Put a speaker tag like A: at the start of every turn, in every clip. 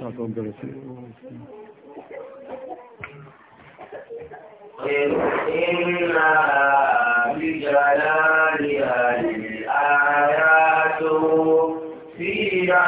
A: Ṣàtọ̀ bẹ̀rẹ̀ sí.
B: Ìrìnà àbíjàlá ni àyà tó sí ìyá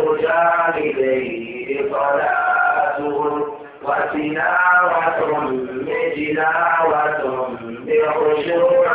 B: ترجى إليه صلاتهم وتلاوة بتلاوة بخشوع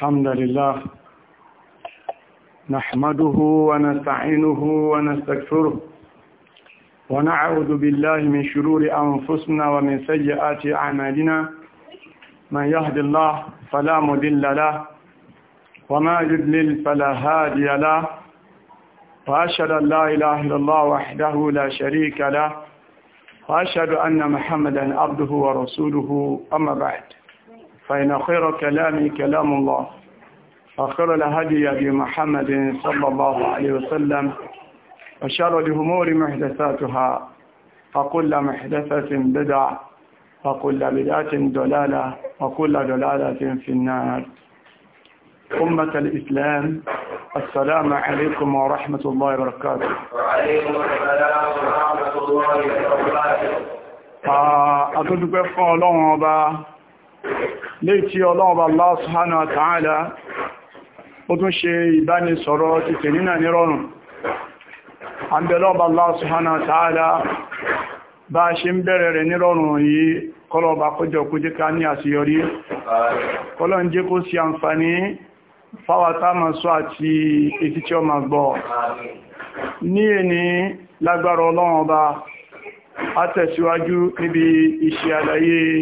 A: الحمد لله نحمده ونستعينه ونستغفره ونعوذ بالله من شرور أنفسنا ومن سيئات أعمالنا من يهد الله فلا مذل له وما يذلل فلا هادي له وأشهد أن لا إله إلا الله وحده لا شريك له وأشهد أن محمدا عبده ورسوله أما بعد فإن خير كلامي كلام الله وخير الهدي أبي محمد صلى الله عليه وسلم وشر الأمور محدثاتها فكل محدثة بدع وكل بدعة دلالة وكل دلالة في النار أمة الإسلام السلام عليكم ورحمة الله وبركاته
B: وعليكم السلام ورحمة الله وبركاته
A: آه، أتدقى الله léèkí ọlọ́ọ̀bà Allah subhanahu wa ta'ala ó tún ṣe ìbánisọ̀rọ̀ títì nínà nírọ̀rùn àbẹ̀lọ́ọ̀bà Allah subhanahu bá ṣe ń bẹ̀rẹ̀ rẹ̀ rọrùn yìí kọlọ̀ọ̀bà kójọ kú ní kó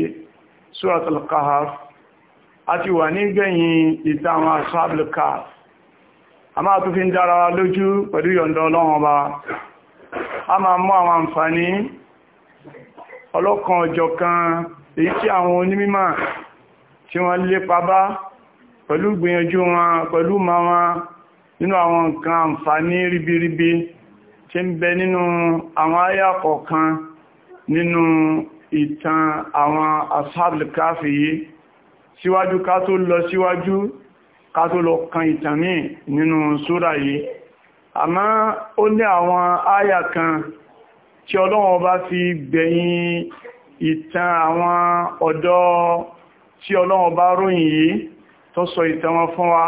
A: sí surat al ati àti wà ní gbẹ̀yìn ìtàwọn asáàbìl Ama a máa tó fi ń dára lójú pẹ̀lú yọ̀ndọ̀ ọlọ́run ọba a máa mú àwọn àǹfààní ọlọ́kan ọjọ́ kan èyí tí àwọn onímímà tí wọ́n lépa bá pẹ̀lú gbìyànjú wọn pẹ̀lú ma wọn nínú àwọn nǹkan àǹfààní ribiribi tí ń bẹ nínú àwọn àyà kọ̀ọ̀kan nínú ìtàn àwọn asáàbìlkáfì yìí síwájú ká tó lọ síwájú ká tó lọ kan ìtàn ní nínú súra yìí àmá ó ní àwọn áyà kan tí ọlọ́wọ́n bá fi gbẹ̀yìn ìtàn àwọn ọ̀dọ́ tí ọlọ́wọ́n bá ròyìn yìí tó sọ ìtàn wọn fún wa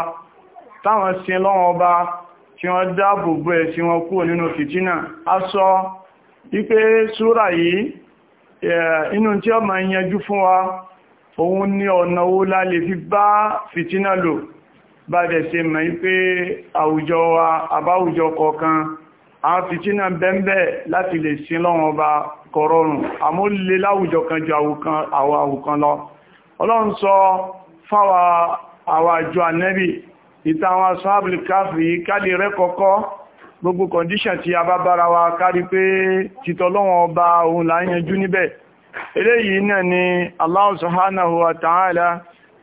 A: táwọn sin lọ́wọ́n bá tí wọ́n dáàbò bo ẹ̀sìn wọn kúrò nínú fìtínà a sọ wípé súra yìí inú tí ó ma yanjú fún wa òun ní ọ̀nà owó lálè fi bá fìtínà lò bá dẹ̀ ṣe mọ̀ pé àwùjọ wa àbáwùjọ kọ̀ọ̀kan àwọn fìtínà bẹ́m̀bẹ̀ láti lè sin lọ́wọ́n ọba kọ̀rọ̀rùn gbogbo condition tí a bá bára wa kárí pé títọ́ lọ́wọ́ ọba òun là ń yanjú níbẹ̀ eléyìí náà ni Allah subhanahu wa ta'ala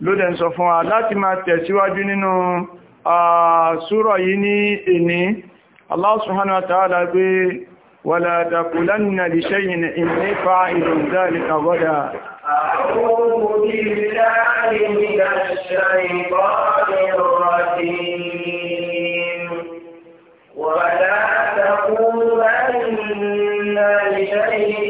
A: ló dẹ̀ ń sọ fún wa láti máa tẹ̀síwájú nínú súrọ̀ yìí ní èní أعوذ بالله من الشيطان
B: الرجيم ولا تقولن لشيء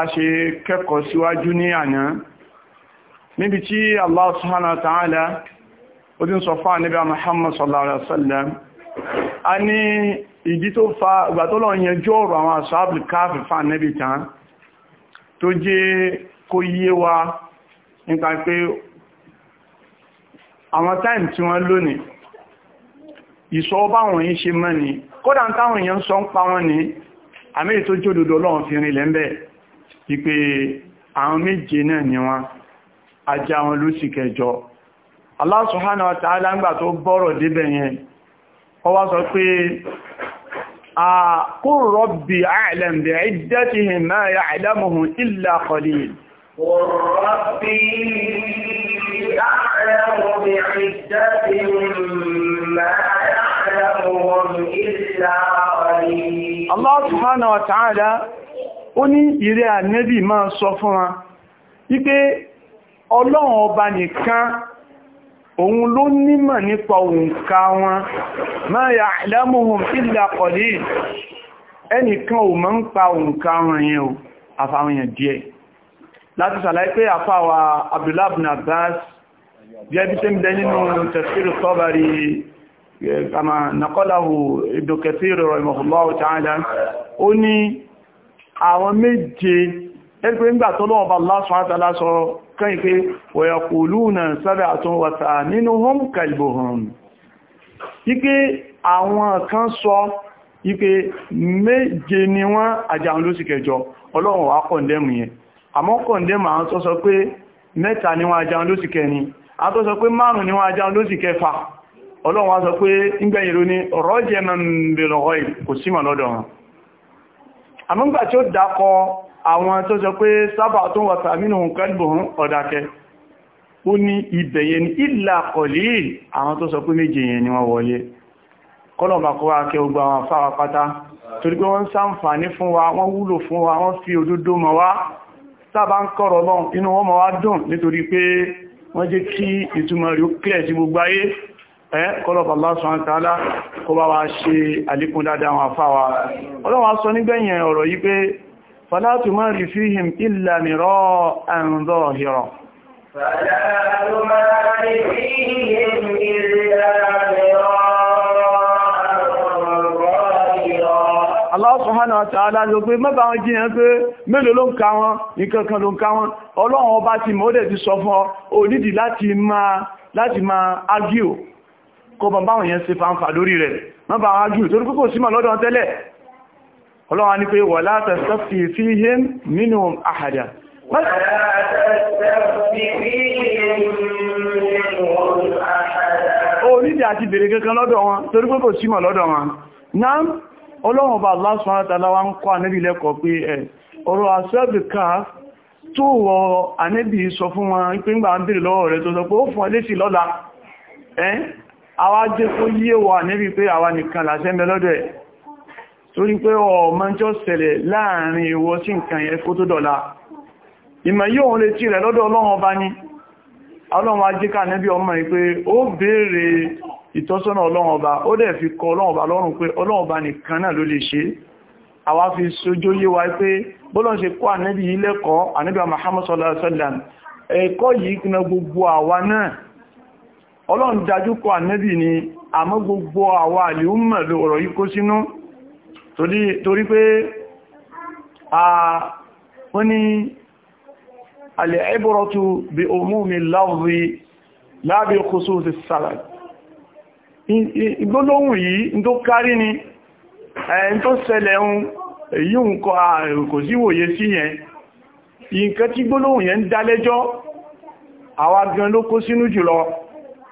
A: a ṣe kẹ́kọ̀ọ́ síwájú ní àná níbi tí Allah subhanahu wa ta'ala ó ti ń sọ fún àníbà Muhammad sallallahu alaihi wasallam a ní ìdí tó fa ìgbà tó lọ yẹnjú ọ̀rọ̀ àwọn asáàbì káàfì fún àníbì tán tó jẹ́ kó yé wa nípa pé àwọn táìmù tí wọ́n lónìí ìṣọ́ báwọn yìí ṣe mọ́ ni kódà táwọn èèyàn sọ ń pa wọn ni àmì wípé àwọn méje náà ni wọ́n ajá wọn ló sì kẹjọ Allah subhanahu wa ta'ala ńgbà tó bọ́rọ̀ débẹ̀ yẹn ó wá sọ pé qul rabbi a'lam bi'iddatihim ma ya'lamuhum illa qalil
B: Allah subhanahu
A: wa ta'ala ó ní ìrẹ́ ànẹ́bì máa sọ fún wa wípé ọlọ́run ọba nìkan òun ló nímọ̀ nípa òǹkà wọn ma ya'lamuhum illa qalil ẹnìkan ò mọ̀ ń pa òǹkà wọn yẹn o àfàwọn èèyàn díẹ̀ láti sàlàyé pé àfàwà Abdullah ibn Abbas bí ẹbí tẹ́ kama naqalahu Ibn Kathir rahimahullahu ta'ala àwọn méje ẹgbẹ́ ńgbà tó lọ́wọ́ bá Allah subhanahu wa ta'ala sọ kán ìpé wa yaquluna sab'atun wa thaminuhum kalbuhum ipé àwọn kan sọ ipé méje ni wọ́n àjàun ló sì kẹjọ ọlọ́run wá kọ̀ndẹ́mù yẹn sọ sọ ni ọlọ́run wá sọ pé ń gbẹ̀yìn ló ní mẹ́rin àmúgbà tí ó dákọ àwọn tó sọ pé sábà tó wọ̀ta mínú kẹ́lùbùn ọ̀dákẹ́ ó ní ibẹ̀yẹ ní ìlà kọ̀lì àwọn tó sọ pé méje yẹn ni wọ́n wọlé kọ́lọ̀bà kó wá kẹ ogbà wọn fáwà pátá torí pé wọ́n sáǹfàní fún wa wọ́n wúlò fún wa wọ́n fi òdodo mọ̀ wá sábà ń kọ̀rọ̀ lọ́n inú wọn mọ̀ wá dùn nítorí pé wọ́n jẹ́ kí ìtumọ̀ rí ó kílẹ̀ sí gbogbo ayé kọlọ̀bà lásán àtàlá kó bá wá ṣe àlékún dáadáa wọn àfáwà ọlọ́wà sọ nígbẹ̀yìn ọ̀rọ̀ yìí pé fàlátù máa rí fíhìm ìlà mìírọ̀ àrùndọ̀ hìrọ̀ Allah subhanahu wa ta'ala ló pé mẹ́bà wọn jíyàn pé mélòó ló ń ka wọn nǹkankan ló ń ka wọn ọlọ́run ọba ti mọ́ dẹ̀ ti sọ fún ọ onídìí láti máa argue kó bọ̀ báwọn yẹn ṣe fàǹfà lórí rẹ̀ má bá wájú torí pé kò sí mà lọ́dọ̀ tẹ́lẹ̀ ọlọ́wà ní pé wà látẹ̀ sọ́fì fi him nínú àhàdà orídì àti bèèrè kankan lọ́dọ̀ wọn torí pé kò sí mà lọ́dọ̀ wọn náà ọlọ́wọ̀n bá Allah subhanahu wa ta'ala ń kọ́ ànẹ́bì lẹ́kọ̀ọ́ pé ẹ̀ ọ̀rọ̀ àṣẹ́bìká tó wọ ànẹ́bì sọ fún wọn pé ń gbà ń bèèrè lọ́wọ́ rẹ̀ tó sọ pé ó fún ọ lésì lọ́la ẹ́ àwa jẹ́ kó yé wa níbi pé àwa nìkan làṣẹ ń bẹ lọ́dọ̀ ẹ̀ torí pé ọmọ jọ ṣẹlẹ̀ láàrin ìwọ sí nǹkan yẹn kó tó dọ̀la ìmọ̀ yóò lè tí rẹ̀ lọ́dọ̀ ọlọ́run ọba ní ọlọ́run ajíká níbi ọmọ ìpé ó béèrè ìtọ́sọ́nà ọlọ́run ọba ó dẹ̀ fi kọ Muhammad sallallahu alaihi wasallam ẹ̀kọ́ yìí kìnnà gbogbo ọlọ́run dájú kọ ànẹ́bì ni àmọ́ gbogbo àwọn àlìúmọ̀ ló ọ̀rọ̀ yí kó sínú torí pé wọ́n ni al-ibratu bi umumi al-lafzi la bi khusus as-sanad ìgbólóhùn yìí tó kárí ni ẹ̀yìn tó ṣẹlẹ̀ ohun èyí kò sí wòye sí yẹn nǹkan tí gbólóhùn yẹn ń dálẹ́jọ́ àwọn agan ló kó sínú jùlọ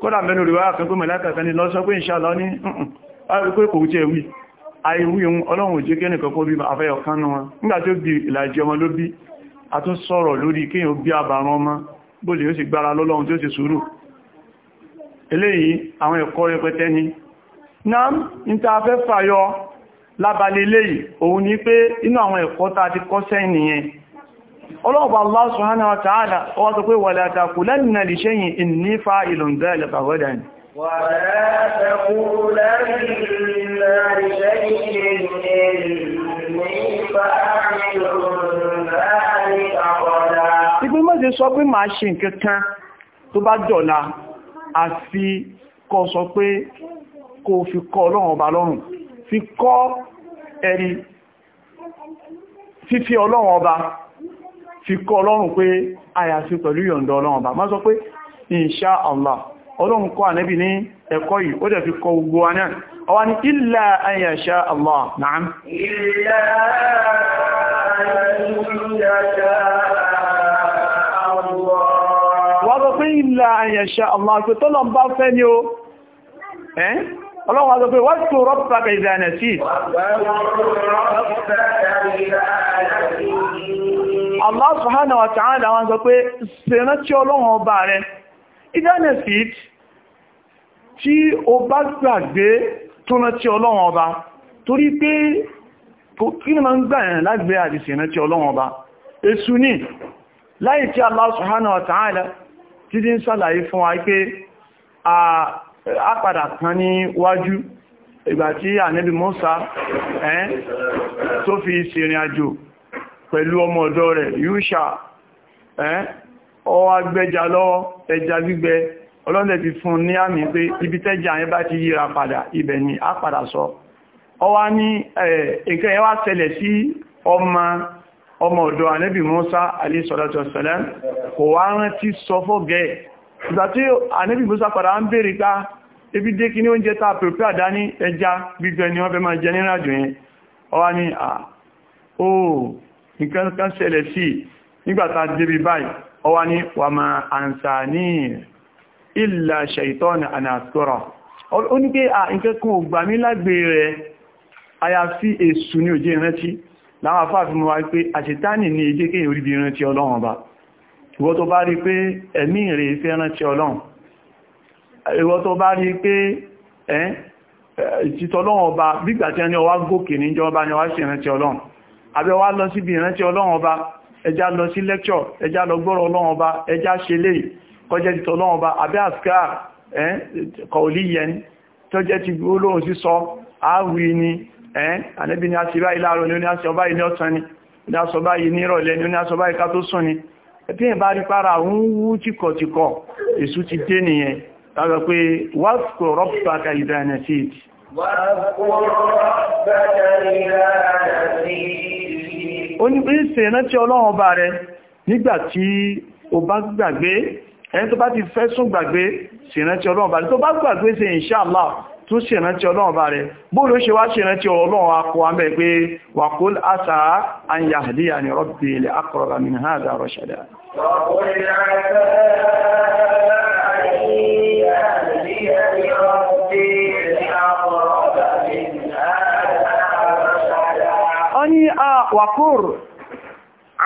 A: kódà mẹ́nu rí wá kan kó mẹ́láta kan ní lọ sọ pé ìṣàlọ́ ní ọ̀rọ̀ kò tí ẹ̀wí àìwí ohun ọlọ́run òjé kẹ́ nìkan kó bí afẹ́ ọ̀kan náà nígbà tí ó bí ìlàjì ọmọ ló bí a tún sọ̀rọ̀ lórí kíyàn bí àbàrán ọmọ bó lè ó sì gbára lọ́lọ́run ni náà ọlọ́ọ̀bà Allah subhanahu wa ta'ala ọwọ́ tó pé wala taqulanna li shay'in inni fa'ilun dhalika ghadan
B: wala taqulanna li shay'in inni fa'ilun dhalika ghadan
A: Ibi mọ́sí sọ pé máa ṣe nǹkankan tó bá jọ̀la àfi kọ sọ pé kò fi fi ẹ̀rí fífí ọlọ́run ọba fi kọ́ ọlọ́run pé àyàfi pẹ̀lú yọ̀ǹda ọlọ́run bá má sọ pé insha Allah ọlọ́run kọ́ ànẹ́bì ní ẹ̀kọ́ yìí ó dẹ̀ fi kọ gbogbo wa náà ọwá ní illa an yasha Allah na'am
B: illa an yasha Allah
A: wọ́n sọ pé illa an yasha Allah pé tọ́lọ̀ bá fẹ́ ni ó ọlọ́run wá sọ pé wọ́n tó rọ́pàá ìdá ẹ̀nà sí Allah subhanahu wa ta'ala wọ́n sọ pé ṣẹ̀rán tí ọlọ́run ọba rẹ̀ ìdáná sí tí o bá gbàgbé tó rán tí ọlọ́run ọba torí pé kí ni máa ń gbà ẹ̀rìn lágbé àdìsì ẹ̀rán ọlọ́run ọba èṣù ní láì tí Allah subhanahu wa ta'ala títí ń sàlàyé fún wa pé á padà kan ní wájú ìgbà tí ànẹ́bì Mùsá ẹ́n tó fi ṣìrìn àjò pẹ̀lú ọmọ ọ̀dọ́ rẹ̀ Yúṣà ẹ́n ó wá gbẹ́ja lọ́wọ́ ẹja gbígbẹ ọlọ́dẹ̀ ti fún ní àmì pé ibi tẹ́jà yẹn bá ti yíra padà ibẹ̀ ni á padà sọ ó wá ọmọ ọmọ ànẹ́bì Mùsá alayhi kò wá rántí sọ fọ́gẹ̀ẹ́ ìgbà tí àníbì Musa padà ń bèèrè ká ebi dé kí ní oúnjẹ ta pèpè àdání ẹja gbígbẹ ni wọ́n fẹ́ máa jẹ ní ìrìnàjò yẹn ọwá ni à ó nǹkan kan ṣẹlẹ̀ sí nígbàtà débi báyìí ọwá ni wà máa àǹsà ní ìlà ṣẹ̀ìtọ́nà ànàtọ́rà ó ní pé à nǹkan kan ò gbà mí lágbè rẹ̀ àyàfi èṣù ní òjé ìrántí láwọn ìwọ tó bá rí pé ẹ̀mí rẹ̀ fẹ́ rántí ọlọ́run ìwọ tó bá rí pé ẹ́ ìtìtọ̀ ọlọ́run ọba bígbà tí ẹni ọwá gòkè ní ìjọba ni ọwá sí ìrántí ọlọ́run àbẹ́ wá lọ síbi ìrántí ọlọ́run ọba ẹjá lọ sí lẹ́kṣọ̀ ẹjá lọ gbọ́rọ̀ ọlọ́run ọba ẹjá ṣe lè kọjẹ́ a ti báyìí láàárọ̀ ni ó ní a sọ báyìí ní ọ̀sán ni ó ní a sọ ẹbí ẹ̀bá rí pára ń wú tíkọ̀tíkọ̀ èsù ti dé nìyẹn tàbí pé wáṣkò rọ́pùtàkà ìdáyẹnà sí
B: ìdí
A: ó ní pé ṣe rántí ọlọ́run ọba rẹ tí o bá gbàgbé ẹni tó bá ti fẹ́ sún gbàgbé ṣe rántí ọlọ́run ọba rẹ tún ṣèrántí ọlọ́run bá rẹ̀ bóòlù ṣe wá ṣèrántí ọlọ́run akọ amẹ́ pé wàkúl àṣà àyà àdíyà ni rọ́bì ilẹ̀ akọrọ̀lá min hada rọ̀ṣẹ̀dá ọní wàkúr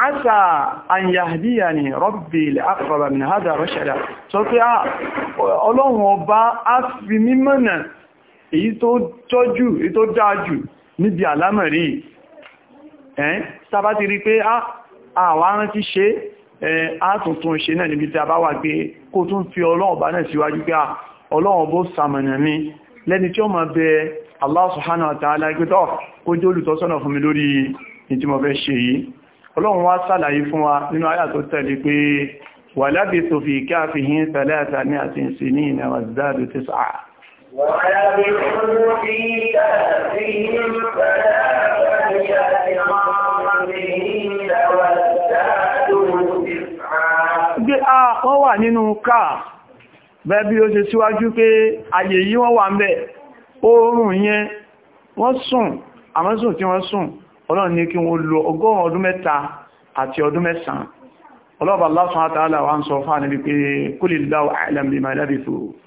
A: àṣà àyà àdíyà ni rọ́bì ilẹ̀ akọrọ̀lá min hada rọ̀ṣẹ̀dá sọ pé ọlọ́run ọba á fi mímọ̀nà èyí tó tọ́jú èyí tó dáájú níbi àlámọ̀rí ẹ́n sábá ti rí pé àwá rántí ṣe àtúntún ṣe náà níbi tí a bá wà gbé kó tún fi ọlọ́run bá náà síwájú pé ọlọ́run bó sàmọ̀nà mi lẹ́ni tí ó máa bẹ Allah subhanahu wa ta'ala gbẹ́tọ̀ kó jẹ́ olùtọ́sọ́nà fún Gbé a wọ́n wà nínú káà bẹ́ẹ̀ bí ó ṣe síwájú pé ayè yìí wọ́n wà ń bẹ̀. Oòrùn yẹn wọ́n sùn, àmọ́ sùn tí wọ́n sùn, Ọlọ́run ní kí wọ́n lo ọgọ́rùn ọdún mẹ́ta àti ọdún mẹ́sàn-án. Ọlọ́ọ̀bà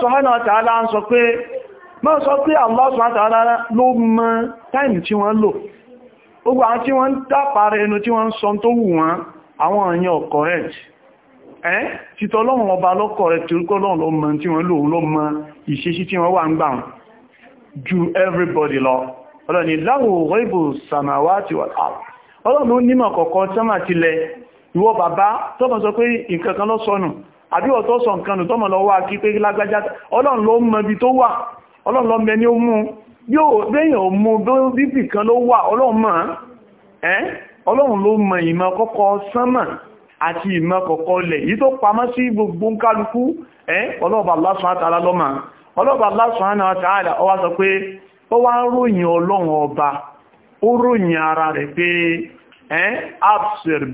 A: subhanahu wa ta'ala ń sọ pé má sọ pé Allah subhanahu wa ta'ala ló mọ táìmù tí wọ́n lò gbogbo àwọn tí wọ́n ń dápàá ẹnu tí wọ́n ń sọ tó wù wọ́n àwọn èèyàn ọ̀kọ̀ rẹ̀ ẹ́ títọ́ lọ́wọ́n ọba lọ́kọ̀ rẹ̀ tí orúkọ́ lọ́wọ́n lọ mọ tí wọ́n lò lọ mọ ìṣesí tí wọ́n wà ń gbà ju everybody lọ ọlọ́ni láwò rẹ́bù samawati wal ard ọlọ́run ó nímọ̀ kọ̀kọ́ sánmà tilẹ̀ ìwọ bàbá tọ́bọ̀ sọ pé nǹkan kan lọ́sọ̀nù àbí wọ́n sọ nǹkan nù tọ́mọ̀ lọ wá kí pé lágbájá ọlọ́run ló ibi tó wà ọlọ́run ló mẹni ó mú yóò lẹ́yìn mú bíbì kan ló wà ọlọ́run mọ̀ ẹ́ ọlọ́run ló mọ ìmọ̀ kọ́kọ́ sánmà àti ìmọ̀ kọ̀kọ́ lẹ̀ yí tó pamọ́ sí gbogbo kálukú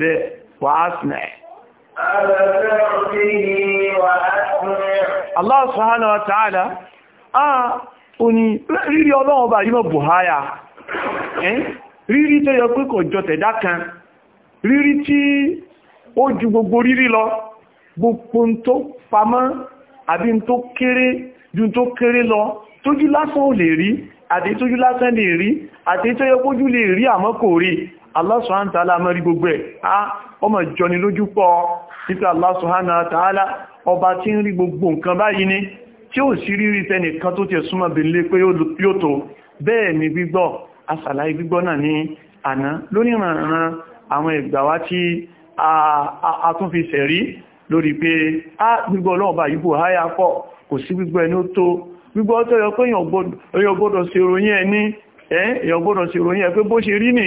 A: ọba
B: Allah
A: subhanahu wa ta'ala ah oni rírí Ọlọ́run ba yimo buhaya eh rírí tó yẹ pé kò jọ tẹ̀dá kan Riri tí ó ju gbogbo riri lọ gbogbo tó pamọ́ àbí tó kéré ju tó kéré lọ tójú lásán ò lè rí àti tójú lásán lè rí àti tó lè rí àmọ́ kò rí ọmọ ìjọni lójú pọ̀ títà Allah subhanahu wa ta'ala ọba tí ń rí gbogbo nǹkan báyìí ni tí ó sì rí rí tẹnìkan tó ti súnmọ́ belé pé yóò tó bẹ́ẹ̀ ni gbígbọ́ asàlàyé gbígbọ́ náà ní àná lónìrànràn àwọn ìgbàwá tí a tún fi sẹ̀rí lórí pé a gbígbọ́ ọlọ́ọ̀bà yìí bò háyà pọ̀ kò sí gbígbọ́ ẹni ó tó gbígbọ́ tó yọ pé èèyàn gbọ́dọ̀ ṣe ròyìn ẹni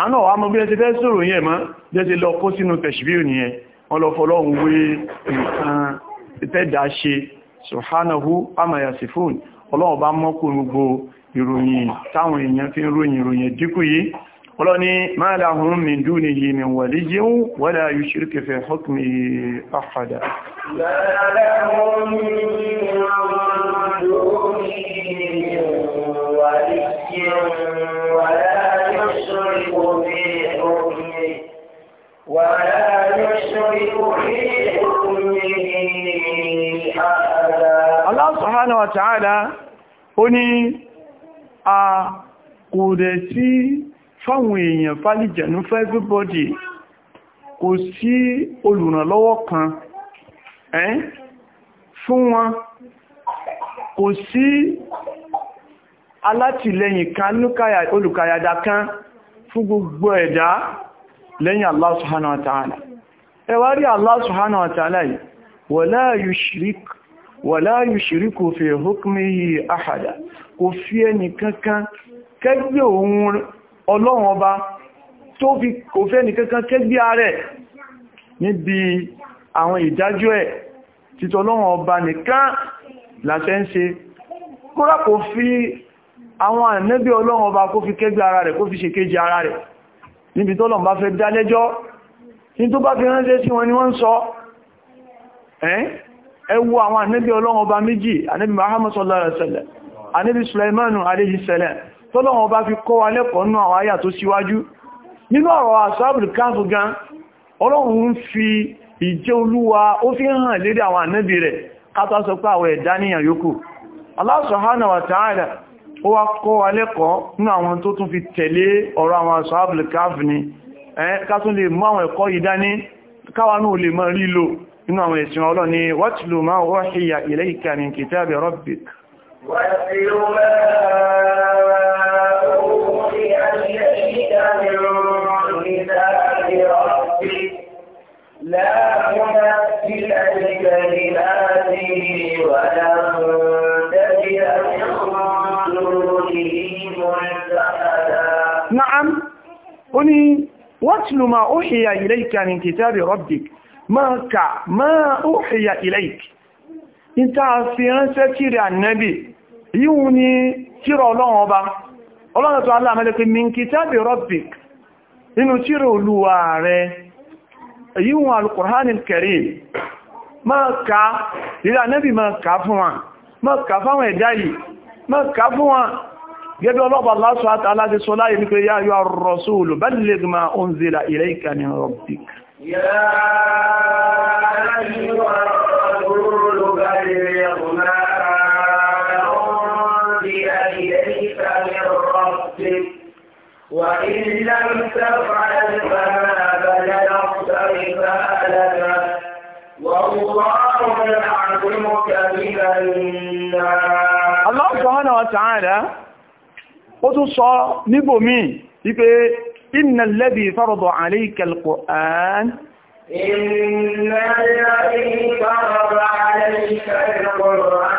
A: àánà wà mọ́ bí ẹ ti fẹ́ sọ̀rọ̀ yẹn mọ́ bí ẹ ti lọ kó sínú tẹ̀ṣìbí nìyẹn wọ́n lọ fọ́lọ́hun wé nǹkan tẹ́dà ṣe subhanahu ama yasifun ọlọ́run bá mọ́kù gbogbo ìròyìn
B: Allah subhanahu wa ta'ala
A: ó ní a kò rẹ̀ sí fáwọn èèyàn fálìjẹ̀nú fún everybody kò sí olùrànlọ́wọ́ kan ẹ́n fún wọn kò sí alátìlẹ́yìn kan olùkàyàdà kan fún gbogbo ẹ̀dá lẹ́yìn Allah subhanahu wa ta'ala ẹ wá rí Allah subhanahu wa ta'ala yìí wala yushrik wala yushriku fi hukmihi ahada kò fi ẹni kankan kẹgbẹ́ ohun ọlọ́run ọba tó fi kò fẹ́ ẹni kankan kẹgbẹ́ ààrẹ níbi àwọn ìdájọ́ ẹ̀ títọ́ ọlọ́run ọba nìkan láṣẹ ń ṣe kóra kò fi àwọn ànẹ́bí ọlọ́run ọba kó fi kẹgbẹ́ ara rẹ̀ kó fi ṣe kéjì ara rẹ̀ níbi tó lọ́n bá fẹ́ dálẹ́jọ́ ní tó bá fi ránṣẹ́ sí wọn ni wọ́n ń sọ ẹ wo àwọn ànábì ọlọ́run ọba méjì ànábì Muhammad sallallahu alaihi wasallam ànábì Sulaimanu alaihi salam tọ́lọ́run ọba fi kọ́ wa lẹ́kọ̀ọ́ nú àwọn àyà tó síwájú nínú ọ̀rọ̀ asáàbùl káàfù gan ọlọ́run ń fi ìjẹ́ olúwa ó fi hàn lérí àwọn ànábì rẹ̀ ká tó sọ pé àwọn ẹ̀dá níyàn yókù Allah subhanahu wa ta'ala ó wá kọ́ wa lẹ́kọ̀ọ́ nínú àwọn tó tún fi tẹ̀lé ọ̀rọ̀ àwọn sọ́ábìlì káàfì ni ká tún lè mú àwọn ẹ̀kọ́ yìí dání káwa náà lè mọ́ lílò nínú àwọn ẹ̀sìn ọlọ́ ni watlu ma uhiya ilayka min kitabi rabbik
B: لا ممثل لكلماته ولا
A: نعم قني واتل ما أوحي إليك من كتاب ربك ما كا ما أوحي إليك انت عفيان ستير النبي يوني تير الله أبا الله تعالى ملك من كتاب ربك إنه تير الواري èyí wọn alkùránì kẹrìm máa ká ìrà nẹ́bì máa ká fún wọn máa ká fáwọn ẹ̀dá yìí máa ká fún wọn gẹ́gẹ́ ọlọ́pàá lásù àtàlá ti sọ láyé nípe yá yọ rọ̀súlù balligh ma
B: وإن لم تفعل فما رسالته والله يعلمك من الله
A: سبحانه وتعالى ó tún sọ níbòmí wípé inna alladhi farada alayka alquran inna alladhi
B: farada alayka alquran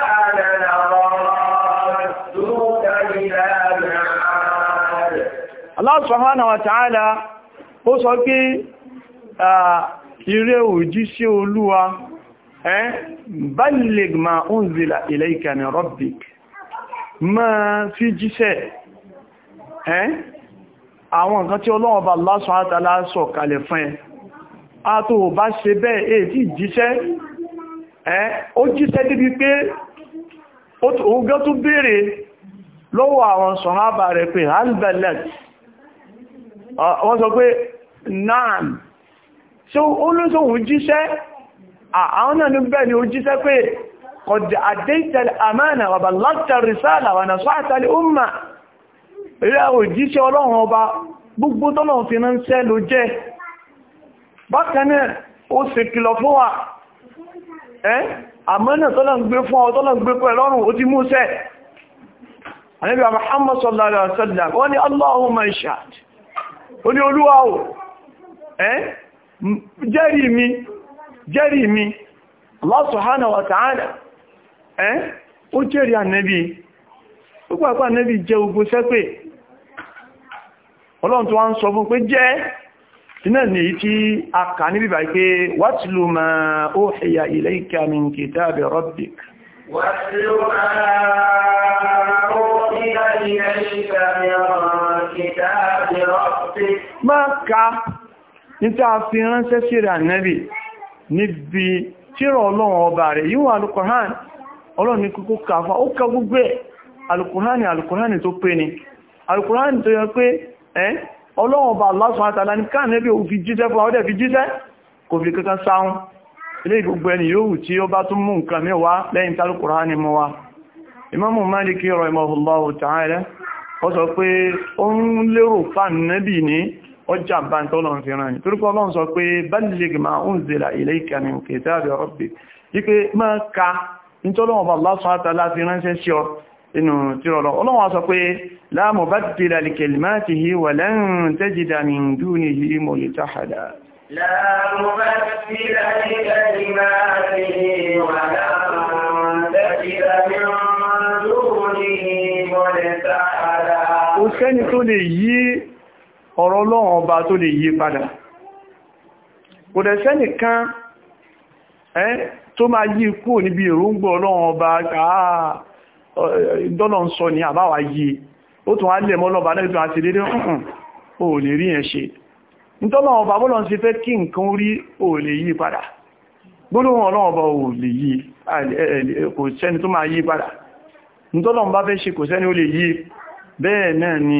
A: Allah subhanahu wa ta'ala ó sọ pé ire òjíṣẹ́ olúwa ẹ́ balligh ma unzila ilayka min rabbik ma fi jíṣẹ́ ẹ́ àwọn nǹkan tí Ọlọ́run bá Allah subhanahu wa ta'ala sọ kalẹ̀ fún ẹ a tó bá ṣe bẹ́ẹ̀ èyí e tí jíṣẹ́ ẹ́ ó jíṣẹ́ débi pé ó gẹ́ tó béèrè lọ́wọ́ àwọn sọ̀hábà rẹ̀ pé halbalat wọ́n sọ pé naam tí ó lóṣòwò jíṣẹ́ àwọn náà ní bẹ́ẹ̀ ni ó jíṣẹ́ pé kọ̀dì àdéìtẹ̀lẹ̀ àmánà wà bàláta rìsáàlà wà nà sọ́àtàlẹ̀ ọmọ rẹ̀ òjíṣẹ́ ọlọ́run ọba gbogbo tọ́lọ̀ fi ránṣẹ́ ló jẹ́ bákanáà ó sì kìlọ̀ fún wa àmánà tọ́lọ̀ gbé fún ọ tọ́lọ̀ gbé pẹ̀ lọ́rùn jẹ́rìí mi jẹ́rìí mi Allah subhanahu wa ta'ala ẹ́ ó jẹ́rìí ànẹ́bí púpọ̀ àpá ànẹ́bí jẹ́ ogun sẹ́pẹ̀ ọlọ́run tó wá ń sọ fún pé jẹ́ iná ní tí a kà níbi bàí pé watlu máa ka a fi ránṣẹ́ sí rẹ̀ ànẹ́bì níbi tírà ọlọ́run ọba rẹ̀ yíò alukọ̀hán ọlọ́run ní kúkú kàfà ó ká gbogbo ẹ̀ alukọ̀hánì tó pé ni tó yẹ pé ẹ́ ọlọ́run ọba lásán ní káànẹ́bì ò fi jíṣẹ́ fún ọdẹ́ fi jíṣẹ́ kò fi kankan sáhún ilé ẹni ọjà bá ń tọ́lọ̀ fi rán ní torípọ̀ ọlọ́run sọ pé balligh ma unzila ilayka min kitabi rabbik wípé máa ka nítọ́lọ́wọ̀n bá Allah subhanahu wa ta'ala fi ránṣẹ́ sí ọ inú tírọ̀lọ́ ọlọ́run sọ pé la mubaddila li kalimatihi wa lan tajida min dunihi ọ̀rọ̀ ọlọ́run ọba tó lè yí padà kò dẹ̀ sẹ́nìkan tó máa yí kúrò níbi èròǹgbò ọlọ́run ọba dọ́nà ń sọ ní àbáwà yí ó tún á lè mọ́ lọ́ba náà tún á ti dédé ò lè rí yẹn ṣe nítọ́nà ọba bọ́lọ̀ ti fẹ́ kí nǹkan rí bẹ́ẹ̀ náà ni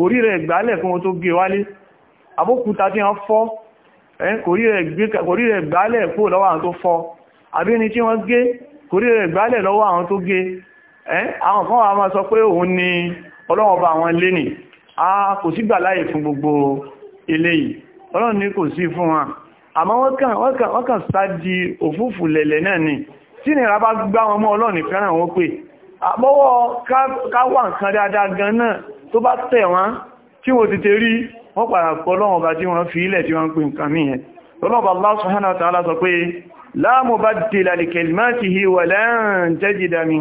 A: kò rí rẹ̀ gbálẹ̀ fún wọn tó gé wálé abókúta tí wọ́n fọ́ kò rí rẹ̀ gbálẹ̀ kó lọ́wọ́ àwọn tó fọ́ àbí ni tí wọ́n gé kò rí rẹ̀ gbálẹ̀ lọ́wọ́ àwọn tó gé àwọn kan wà máa sọ pé òun ni ọlọ́wọ́ bá àwọn lé nì kò sí gbà láyè fún gbogbo eléyìí ọlọ́run ní kò sí fún nǹkan dáadáa gan náà tó bá tẹ̀ wọ́n tí wọ́n ti tẹ rí wọ́n padà pọ̀ bá tí wọ́n fi ilẹ̀ tí wọ́n pè nǹkan mí yẹn lọ́lọ́bà Allah sọ pé la mubaddila li kalimatihi wa lan tajida min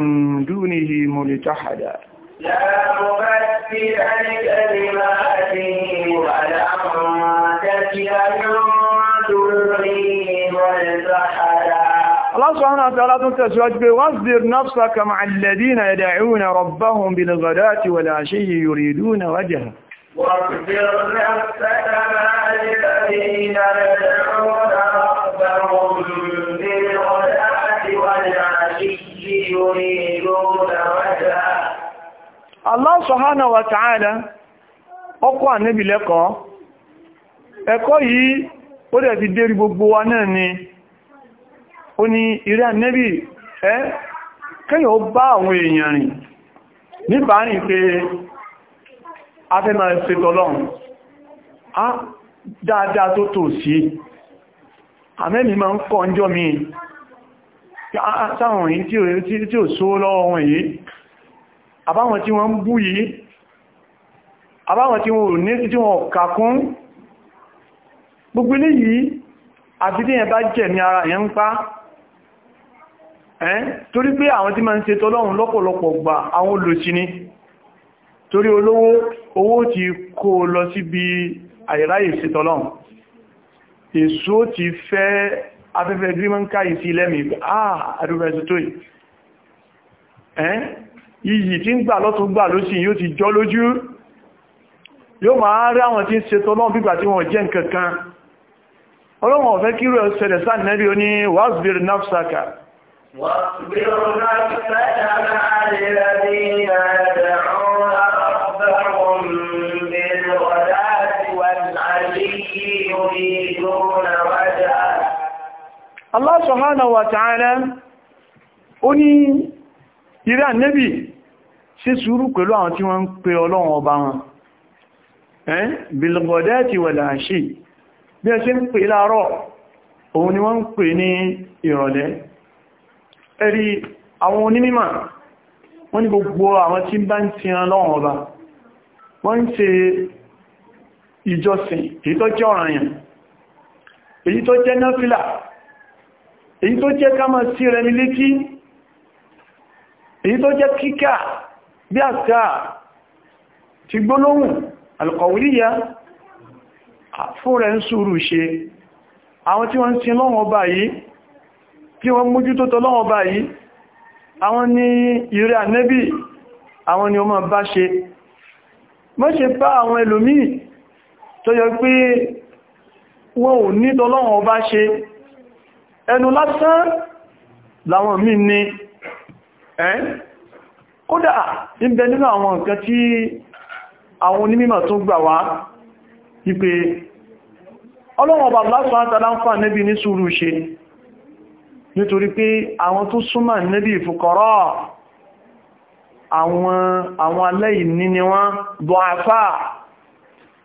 A: الله سبحانه وتعالى تسواج بوزر نفسك مع الذين يدعون ربهم بالغداة والعشي يريدون وجهه
B: يريدون وجهه
A: الله سبحانه وتعالى ọkọ̀ ànẹ́bì lẹ́kọ̀ọ́ ẹ̀kọ́ yìí ó dẹ̀ ti gbogbo wa náà ni ó ní irẹ́ ànẹ́bì ẹ́ kẹ́yàn ó bá àwọn èèyàn rìn níbàárín pé afẹ́mà ṣetọ́lọ́run á dáadáa tó tò sí àmẹ́mì máa ń kọ́ ọjọ́ mi sáwọn yìí tí ò só lọ́wọ́ wọn yìí àbáwọn tí wọ́n ń bú yìí àbáwọn tí wọ́n ní tí wọ́n kàkún gbogbo ilé yìí àbídíyàn bá jẹ̀mí ara yẹn ń pa ẹ́n torí pé àwọn tí ma ń ṣe tọ́lọ́run lọ́pọ̀lọpọ̀ gba àwọn olóṣì ni torí olówó owó ti kó lọ síbi àìráyè ṣe tọ́lọ́run èso ti fẹ́ afẹ́fẹ́ grímọ́nká yìí sí lẹ́mì ah adúgbẹ́ ẹ̀sọ́ tó yìí ẹ́n iyì tí ń gbà lọ́tún gbà lóṣì yóò ti jọ lójú yóò máa rí àwọn tí sáà nẹ́rí oní wàásbìrì náfsàkà
B: واصبر نفسك مع الذين
A: يدعون ربهم
B: بالغداة والعشي يريدون وجهه
A: الله سبحانه وتعالى ó ní ìrẹ́ ànẹ́bì ṣe sùúrù pẹ̀lú àwọn tí wọ́n ń pe ọlọ́run ọba wọn ẹ́n bilgọ̀dẹ́ ti wẹ̀lẹ̀ àṣì bí ẹ ṣe ń pè láàárọ̀ òun ni wọ́n ń pè ní ìrọ̀lẹ́ ẹ̀rí àwọn onímímọ̀ wọ́n ní gbogbo àwọn tí bá ń ti ran lọ́wọ́n ọba wọ́n ń ṣe ìjọsìn èyí tó jẹ́ ọ̀ranyàn èyí tó jẹ́ náfílà èyí tó jẹ́ ká máa sí rẹ̀ ní létí èyí tó jẹ́ kíkà bí àṣà ti gbólóhùn alkọ̀wìlíyà fún rẹ̀ ń sùúrù ṣe àwọn tí wọ́n ń sin ọba yìí kí wọ́n mójútó tọ́lọ́wọ́ báyìí àwọn ni ìrẹ́ ànẹ́bì àwọn ni ọmọ bá ṣe mọ́ ṣe bá àwọn ẹlòmíì tó yẹ pé wọ́n ò ní tọ́lọ́wọ́ bá ṣe ẹnu lásán láwọn míì ni kódà níbẹ̀ nínú àwọn nǹkan tí àwọn onímọ̀ tó gbà wá wípé ọlọ́wọ́ bàbá sọ́nà tàbí ní sùúrù ṣe nítorí pé àwọn tó súnmọ́ níbi ìfukọ̀rọ̀ àwọn àwọn aláìní ni wọ́n bọ̀ àfà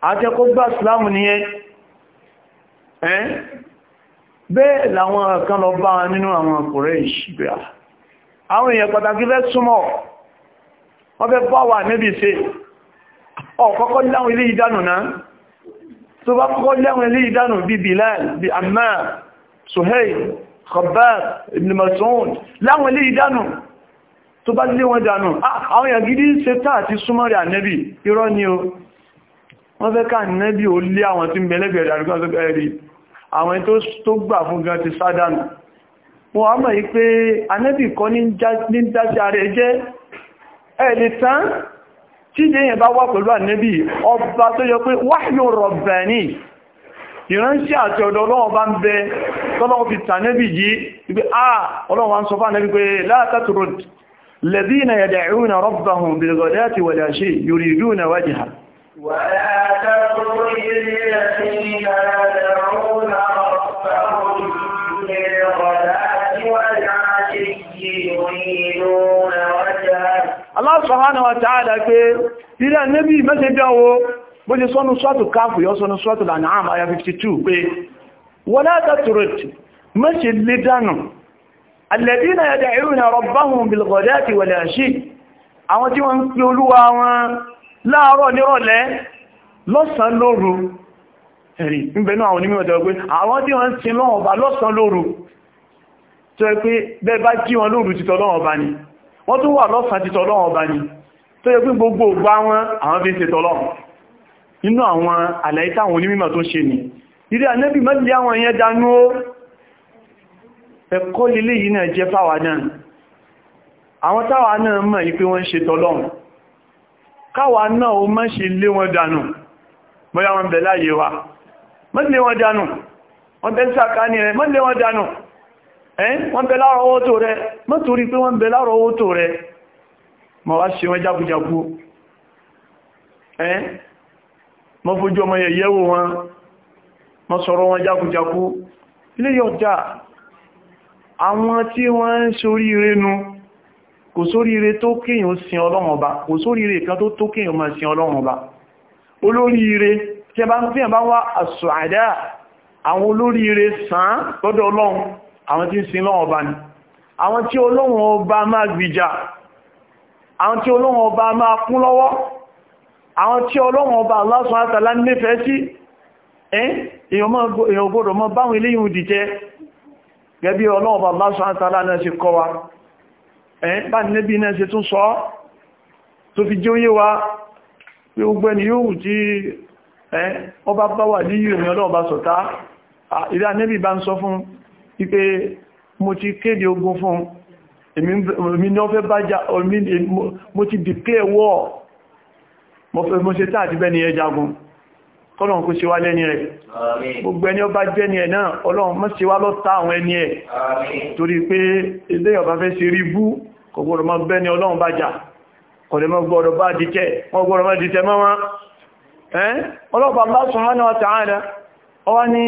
A: àtẹ́kọ́ gbà ìsìláàmù nìyẹn bẹ́ẹ̀ làwọn kan lọ bá wọn nínú àwọn ọkùnrin ìṣìgbà àwọn èèyàn pàtàkì fẹ́ súnmọ́ wọ́n fẹ́ bá wà níbi ìṣe ọ̀kọ́kọ́ láwọn ilé ìdánù náà tó bá kọ́kọ́ láwọn ilé ìdánù bí Bilal bí Ammar Suhail Khabbab ibn Mas'ud láwọn ilé ìdánù tó bá lé wọn dànù ah, àwọn èèyàn gidi ṣe táà ti súnmọ́ rẹ̀ ànẹ́bì irọ́ ni o wọ́n fẹ́ ká ànẹ́bì ó lé àwọn tí mẹ́lẹ́gbẹ̀ẹ́ àríkọ́ tó bẹ̀rẹ̀ àwọn tó gbà fún gan ti sádánù wọ́n tí èèyàn bá wà pẹ̀lú ànẹ́bì ọba tó yọ pé wahyu rabbani ìránṣẹ́ àti ọ̀dọ̀ ọlọ́wọ́ bá ń bẹ tọ́lọ́wọ́ fi tà nẹ́bì yìí wípé àà ah, ọlọ́wọ́ ń sọ fà nẹ́bì pé látàtùrùd lẹ́dínà yàdà ìrìnà rọ́bàhùn bilgọ̀dáti wàláṣe yìrìdúnà wájìhà Allah wa ta'ala pé, "Ìrẹ́ nẹ́bì mẹ́sẹ̀ bí ọwọ́, bó ṣe sọ́nu sọ́tù káàfù yọ́ sọ́nu sọ́tù lànàáàmà ayá 52 pé wọ́n látàtùrẹ̀tì mẹ́ṣe lè dánù alẹ́dínà yàdà ìrìnà rọ̀báhùn bilgọ̀dáti wàlẹ̀ àṣí àwọn tí wọ́n ń pè olúwa wọn láàárọ̀ nírọ̀lẹ́ lọ́sàn ọba lọ́sàn lóru tó gbogbo ògbà wọn àwọn fi ń tọ́lọ́wọ́ nínú àwọn àlàyé táwọn onímọ̀ tó ṣe ní ìrí ànẹ́bì mẹ́lì àwọn èèyàn dánú ó ẹ̀kọ́ lílé yìí náà jẹ́ fáwà náà àwọn táwà náà mọ̀ yí pé wọ́n ṣe tọ́lọ́run káwà náà ó mọ́ ṣe lé wọn dànù bóyá wọn bẹ̀ láyé wa mọ́lé wọn dànù wọ́n bẹ̀ mọ́ fojú ọmọ yẹ̀yẹ́wò wọn mọ́ sọ̀rọ̀ wọn jákújákú ilé yọjá àwọn tí wọ́n ń sórí irénu kò sórí ire tó kéyàn sin ọlọ́run ọba kò sórí ire kan tó tó kéyàn máa sin ọlọ́run ọba olórí ire tí a bá ń fíyàn bá wá àṣọ àdá àwọn olórí ire sàn lọ́dọ̀ ọlọ́run àwọn tí ń sin ọlọ́run ọba ni àwọn tí ọlọ́run ọba máa gbìjà àwọn tí ọlọ́run ọba máa kún lọ́wọ́ àwọn tí ọlọ́run ọba Allah subhanahu wa ta'ala nífẹ̀ẹ́ sí èyàn ògbòdò mọ́ báwọn ilé ìhùn dìjẹ́ gẹ́bí ọlọ́run ọba Allah subhanahu wa ta'ala náà ṣe kọ́ wa bá níbi náà ṣe tún wa pé gbogbo ẹni yóò tí ọba bá wà ní ìrìn ọlọ́run ọba sọ̀tá ilé anẹ́bì bá mo ti declare war mo ṣe táà ti bẹ́ni ẹjagun kọ́lọ̀n kó ṣe wá lẹ́ni rẹ̀ gbogbo ẹni ọba jẹ́ ni ẹ̀ náà ọlọ́run mọ́ ṣe wá lọ́ta àwọn ẹni ẹ̀ torí pé ilé ọba fẹ́ ṣe rí bú kò bẹ́ni ọlọ́run bá jà wa ta'ala ó wá ní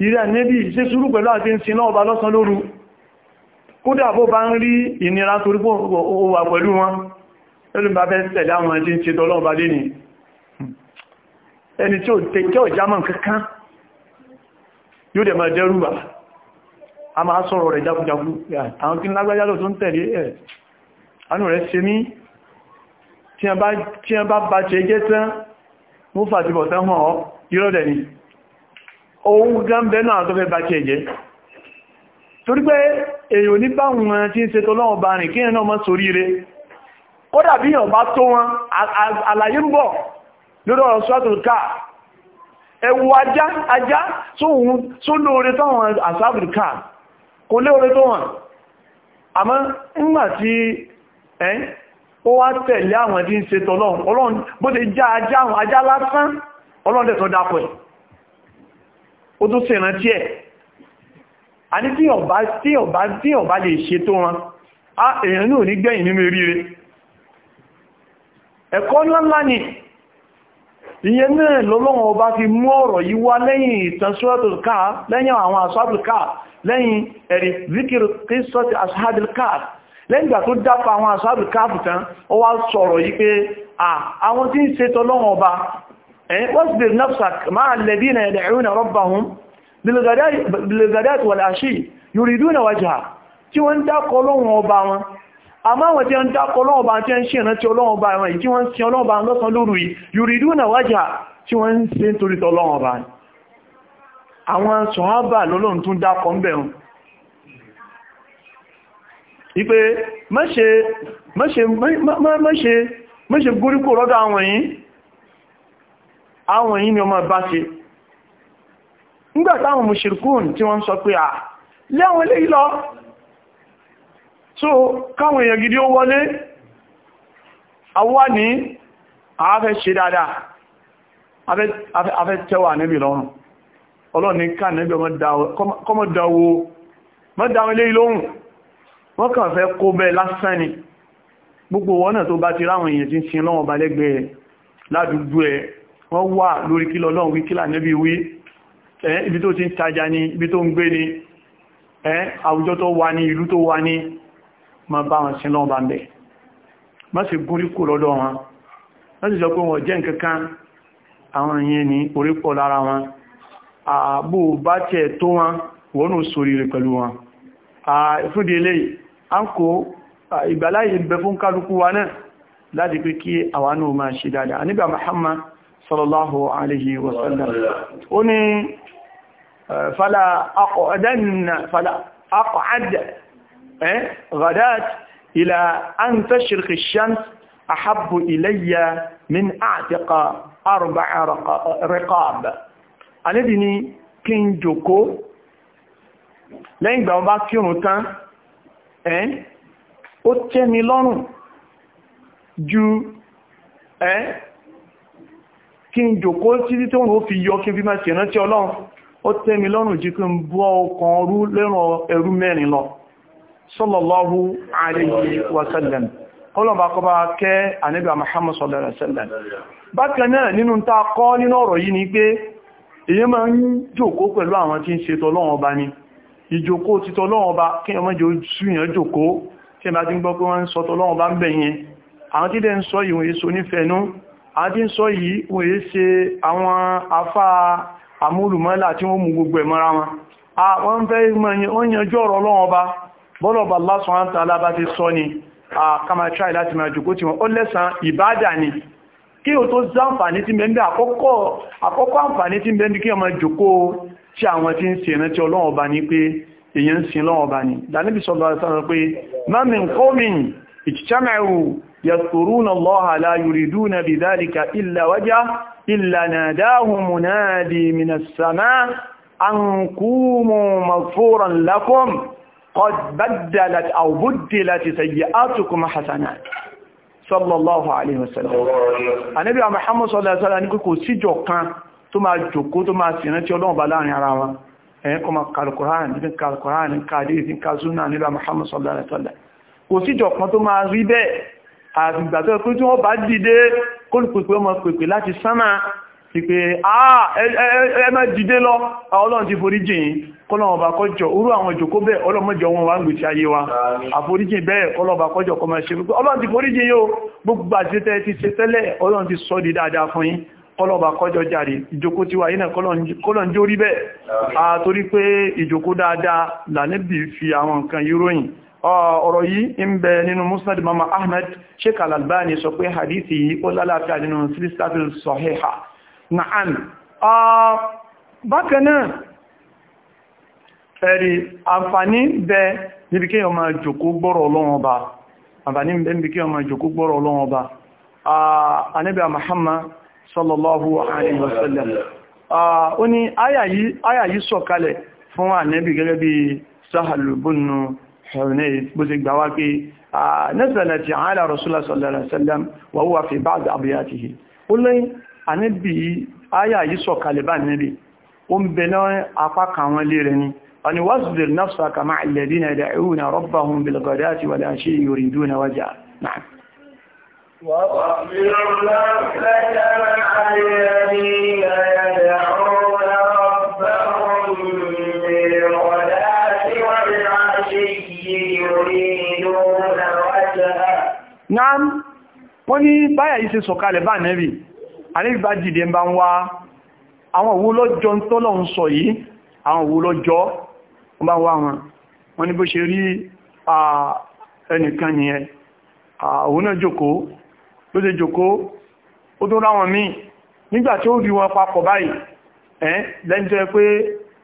A: ìrẹ́ níbi ṣe sùúrù pẹ̀lú àti ìsin náà ọba lọ́sàn lóru ẹlùm bá fẹ́ tẹ̀lé àwọn ẹni tí ń ṣe tọ́lọ́wọ́ bá dé ní ẹni tí ó tẹ́kẹ́ ọ̀jámọ̀ kankan yóò dẹ̀ máa dẹ́rù bà a máa sọ̀rọ̀ rẹ̀ jákújákú àwọn kí lágbàjá lọ tó ń tẹ̀lé ẹ̀ anú rẹ̀ ṣe mí tí a bá bá ṣe jẹ́ tán mú fàtíbọ̀ tán hàn ọ́ yírọ̀dẹ̀ ni ohun gánbẹ̀ náà tó fẹ́ bá ṣe jẹ́ torí pé ní báwọn tí ń ṣe tọ́lọ́wọ́ bá rìn kí ẹ̀ náà mọ́ sórí rẹ̀ kódà bí yàn bá tó wọn àlàyé ń bọ̀ lórí ọ̀rọ̀ sọ́tún ká ẹwù ajá ajá tó lóore táwọn àsáàbùrù ká kò lóore tó wọn àmọ́ nígbà tí ẹ́ ó wá tẹ̀lé àwọn tí ń ṣe tọ́lọ́run ọlọ́run bó ti já ajá ajá lásán ọlọ́run dẹ̀ tó dápọ̀ ẹ̀ ó tún sí ìrántí ẹ̀ a ní tíyàn bá lè ṣe tó wọn a èèyàn ní ò ní gbẹ̀yìn nínú eríire ẹ̀kọ́ ńláńlá ni ìyẹn náà lọ́lọ́wọ́ ọba fi mú ọ̀rọ̀ yìí wá lẹ́yìn ìtàn suratul Kahf lẹ́yìn àwọn ashabul Kahf lẹ́yìn ẹ̀rí zikir qissati ashabil Kahf lẹ́yìngbà tó dápa àwọn ashabul Kahf tán ó wá sọ̀rọ̀ yìí pé àwọn tí ń ṣe tọ́lọ́wọ́ ọba wasbir nafsak ma'a alladhina yad'una rabbahum yuriduna wajha tí wọ́n dákọ̀ lọ́wọ́ ọba wọn àmáwọn tí ó ń dákọ lọ́wọ́ba tí ó ń ṣe ìrántí ọlọ́wọ́ba àwọn ìjí wọ́n ń sin ọlọ́wọ́ba lọ́sàn lóru yìí yuriduna wajha tí wọ́n ń ṣe nítorí tọ́lọ́wọ́ba àwọn sọ̀hábà lọ́lọ́run tún dákọ ń bẹ̀rún ìpé mẹ́ṣe gúríkò lọ́dọ̀ àwọn yìí àwọn yìí ni ọmọ bá ṣe nígbàtàwọn mùṣìríkùn tí wọ́n sọ pé à lẹ́wọ̀n lè lọ so káwọn èèyàn gidi ó wọlé àwọ́ ní àáfẹ́ ṣe dáadáa àfẹ́ tẹ́wà níbi lọ́rùn ọlọ́ni ká níbi ọmọ dáwó mọ́dáwó ilé ìlóhùn wọ́n kàn fẹ́ kó bẹ́ lásán ni gbogbo wọn náà tó bá ti ráwọn èèyàn tí ń sin lọ́wọ́ balẹ́gbẹ̀ẹ́ ládùúgbò ẹ̀ wọ́n wà lórí kílọ lọ́wọ́ wíkílà níbi wí ibi tó ti ń tajà ni ibi tó ń gbé ni àwùjọ tó wà ní ìlú tó wà ní ma bá wọn sin lọ́wọ́ bá ń bẹ̀ má sì gúnrí kò lọ́dọ̀ wọn láti sọ pé wọ́n jẹ́ nǹkankan àwọn èèyàn ní orí pọ̀ lára wọn àbò bá tẹ̀ tó wọn wọ́n ò sórí rẹ̀ pẹ̀lú wọn fúndì ilé à ń kó ìgbàláyé bẹ fún kálukú wa náà láti pé kí àwa náà máa ṣe dáadáa nígbà Muhammad sallallahu alaihi wasallam ó ní fala aq'adanna fala aq'ad غدات إلى أن تشرق الشمس أحب إلي من أعتق أربع رقاب الذي ni kí n jòkó lẹ́yìn ìgbà wọn bá kírun tán ẹ́n eh, ó tẹ́ mi lọ́rùn ju ẹ́n eh, kí n jòkó títí tó ń fi yọ kí n fi máa ṣe rántí ọlọ́run ó tẹ́ mi lọ́rùn ju kí n bọ́ ọkàn ọrú lẹ́rùn ẹrú mẹ́rin lọ sallallahu alayhi wa sallam ọlọ́ba kọba kẹ́ ànábì Muhammad sallallahu alayhi wa sallam bákan náà nínú ta kọ́ nínú ọ̀rọ̀ yìí ni pé èyàn máa ń jòkó pẹ̀lú àwọn tí ń ṣe tọ́lọ́wọ́n ọba ni ìjòkó ti tọ́lọ́wọ́n ọba kí ọmọ jẹ́ òṣùyàn jòkó tí ẹ̀bá ti ń gbọ́ pé wọ́n ń sọ tọ́lọ́wọ́n ọba ń bẹ̀ yẹn bọ́lọ̀bà Allah subhanahu wa ta'ala bá ti sọ ni a kama try láti máa jùkú tí wọ́n ó lẹ́sàn ìbádà ni kí o tó záǹfàní tí mẹ́ndẹ̀ àkọ́kọ́ àǹfàní tí mẹ́ndẹ̀ kí ọmọ jùkú tí àwọn tí ń ṣe ẹ̀rẹ́ tí Ọlọ́run Ọba ní pé èyàn ń sin Ọlọ́run Ọba ní dánibí sọ ma min qawmin ijtama'u قد بدلت أو بدلت سيئاتكم حسنات sallallahu alaihi wasallam anabi muhammad sallallahu alaihi wasallam ní kò síjọ kan tó máa jókòó tó máa sìnà tí Ọlọ́run bá láàrin ara wọn ẹ̀yìn kọmọ kàlùkùránì ní kàlùkùránì kàdírí ní kàzúnà nílò muhammad sallallahu alaihi wasallam kò síjọ kan tó máa rí bẹ́ẹ̀ àgbà tó pé tí wọ́n bá dìde kólùpùpù ọmọ pèpè láti sánmà pípé àà ẹ má dìde lọ Ọlọ́run ti forí jìn kọ́lọ̀wọ̀n bá kọjọ orú àwọn ìjòkó bẹ́ẹ̀ ọlọ́mọjọ wọn wá ń gbèsè ayé wa àforíjìn bẹ́ẹ̀ ọlọ́bà kọjọ kọmọ ṣe wípé ọlọ́run ti foríjìn yóò gbogbo àṣetẹ́ ti ṣe tẹ́lẹ̀ ọlọ́run ti sọ di dáadáa fún yín kọlọ̀bà kọjọ jàre ìjòkó tiwa yínà kọlọ̀njó rí bẹ́ẹ̀ àtorí pé ìjòkó dáadáa lànẹ́bì fi àwọn nǹkan mama ahmed sheikh albani sọ pé hadithi yìí ó lálàáfíà nínú sílísàfil sọ̀hẹ́hà na'am bákan náà ẹ̀rí àǹfàní bẹ níbi kí ọmọ ìjòkó gbọ́rọ̀ ọlọ́run ọba àǹfàní bẹ níbi kí ọmọ ìjòkó gbọ́rọ̀ ọlọ́run ọba ànábì Muhammad sallallahu alaihi wasallam ó ní àyà yìí sọ̀kalẹ̀ fún ànábì gẹ́gẹ́ bí Sahalu bunu Hunayf bó ti gbà wá pé nazalat ala rasulullah sallallahu alaihi wasallam wa huwa fi ba'd abiyatihi ó ń bẹ náà apá kan wọn ni أن واصبر نفسك مع الذين يدعون ربهم بالغداة والعشي يريدون وجهه نعم
B: واصبر نفسك مع الذين يدعون ربهم بالغداة والعشي يريدون وجهه
A: نعم wọ́n ní báyà yìí ṣe sọ̀kalẹ̀ bá nẹ́bì àníbà jìdẹ̀ bá ń wá àwọn òwúlọ́jọ́ ń tọ́lọ̀ ń sọ yìí àwọn òwúlọ́jọ́ wọ́n bá wá wọn wọ́n ní bó ṣe rí ẹnìkan nìyẹn òun náà jókòó ló ṣe jókòó ó tó ráwọn míì nígbà tí ó rí wọn papọ̀ báyìí lẹ́yìn tó yẹ pé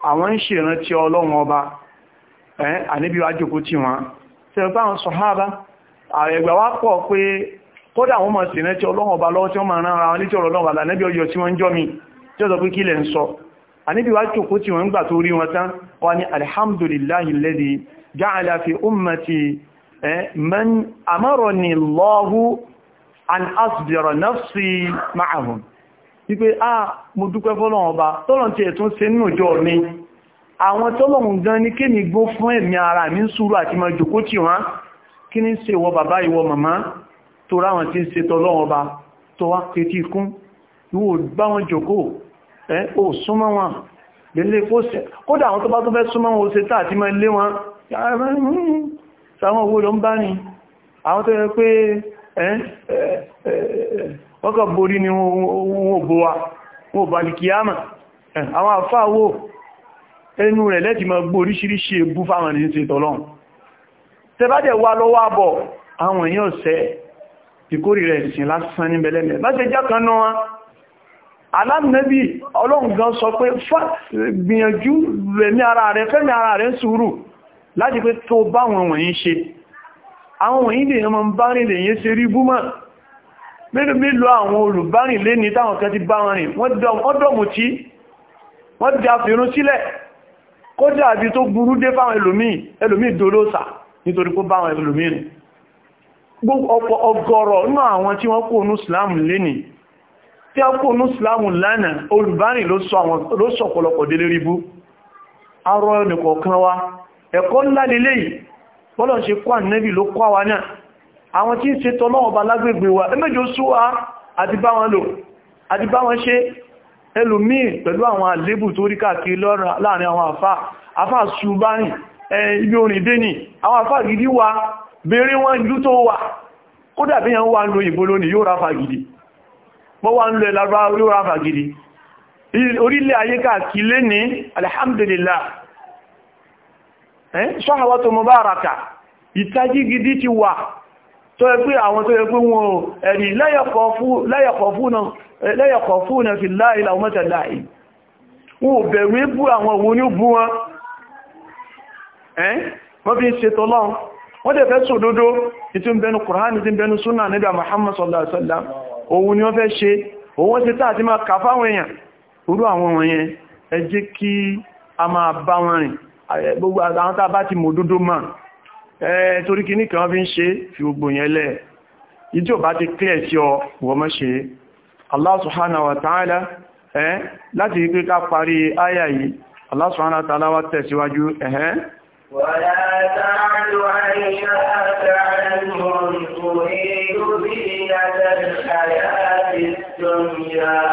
A: àwọn ń ṣèrántí ọlọ́run ọba àníbí wá jókòó tí wọ́n tẹ́lẹ̀ pé àwọn sọ̀hábá àrẹ̀gbà wá pọ̀ pé kódà wọ́n mọ̀ sí rántí ọlọ́run ọba lọ́wọ́ tí wọ́n máa rán ara wọn àníbí wá jòkó tí wọ́n ń gbà tó rí wọn tán wà ní alhamdulillahi alladhi ja'ala fi ummati man amarani Allahu an asbira nafsi ma'ahum wípé a mo dúpẹ́ fọ́lọ́run ọba tọ́lọ́n ti ẹ̀tún ṣe nínú ìjọ mi àwọn tọ́lọ́run gan ní kí ni gbó fún ẹ̀mí ara mi ìwò bá jòkó ó súnmọ́ wọn lélé fóṣẹ̀ kódà àwọn tó bá tó fẹ́ súnmọ́ wọn ṣe tàà tí ma lé wọn sáwọn owó ló ń bá ní àwọn tó yẹ pé ọkọ̀ borí ni wọn bó wa wọn bá ní kíyàmà àwọn àfáwò ẹnu rẹ̀ lẹ́ti ma gbọ́ oríṣiríṣi ebú fáwọn ní ṣe tọ́lọ́n tẹbádẹ̀ wà lọ́wọ́ àbọ̀ àwọn èèyàn ọ̀sẹ̀ ìkórìrẹ̀ ìsìn lásán ní bẹ̀lẹ́mẹ̀ bá ṣe jákanná wọn alánàbí ọlọ́run gan sọ pé gbìyànjú rẹ̀mí ara rẹ̀ fẹ́mi ara rẹ̀ ń sùúrù láti pé tó bá wọn wọ̀nyí ṣe àwọn wọ̀nyí lè yẹn mọ́ ń bá rìn lè yẹn ṣe rí búmọ̀ mélòó mélòó àwọn olùbárìn lé ní táwọn kan ti bá wọn rìn wọ́n dọ̀mù tí wọ́n di àfihàn sílẹ̀ kó rìn wọ́n tí a kó ní islamu lánàá olùbárìn ló sọ ọ̀pọ̀lọpọ̀ délé rí bú arọ ẹnìkọ̀ọ̀kan wa ẹ̀kọ́ ńlá lélé yìí bọ́lọ̀ ṣe kọ́ ànẹ́bì ló kọ́ wa náà àwọn tí ń ṣe tọ́lọ́wọ̀ba lágbègbè wa ẹmẹ́jọ súwá àti bá wọn lò àti bá wọn ṣe ẹlòmíì pẹ̀lú àwọn àlébù tó rí káàkiri láàrin àwọn àfá àfá ṣùgbárìn ibi wa bèèrè wọn ìlú tó wà kódà gidi mọ́ wá ń lọ ìlàrá olóra fàgìrì orílẹ̀ ayé káàkì lé ní alhamdulillah ṣọ́hàwátò mubaraka ìtají gidi ti wà tó yẹ pé àwọn tó yẹ pé wọn ẹ̀rì lẹ́yẹ̀kọ̀ fún fi láìlà ọmọta láì wọn ò bẹ̀rù ibú àwọn òun ní bú wọn wọ́n fi ń ṣe tọ́lọ́run wọ́n dẹ̀ fẹ́ sòdodo ìtí bẹnu kùránì tí bẹnu súnà nígbà Muhammad sallallahu òun ni wọ́n fẹ́ ṣe òun ṣe tàà tí ma kà fáwọn èèyàn orú àwọn wọn yẹn ẹ kí a máa bá wọn rìn gbogbo àwọn ti mọ̀ dúdú mà torí kí ní kan fi ń ṣe fi gbogbo yẹn ìdí bá ti clear sí ọ wọ́n mọ́ ṣe Allah